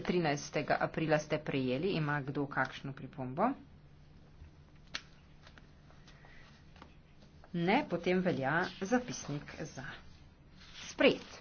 13. aprila ste prejeli. Ima kdo kakšno pripombo? Ne, potem velja zapisnik za sprejet.